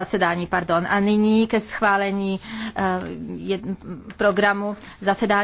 zasedání. Pardon. A nyní ke schválení eh, programu zasedání.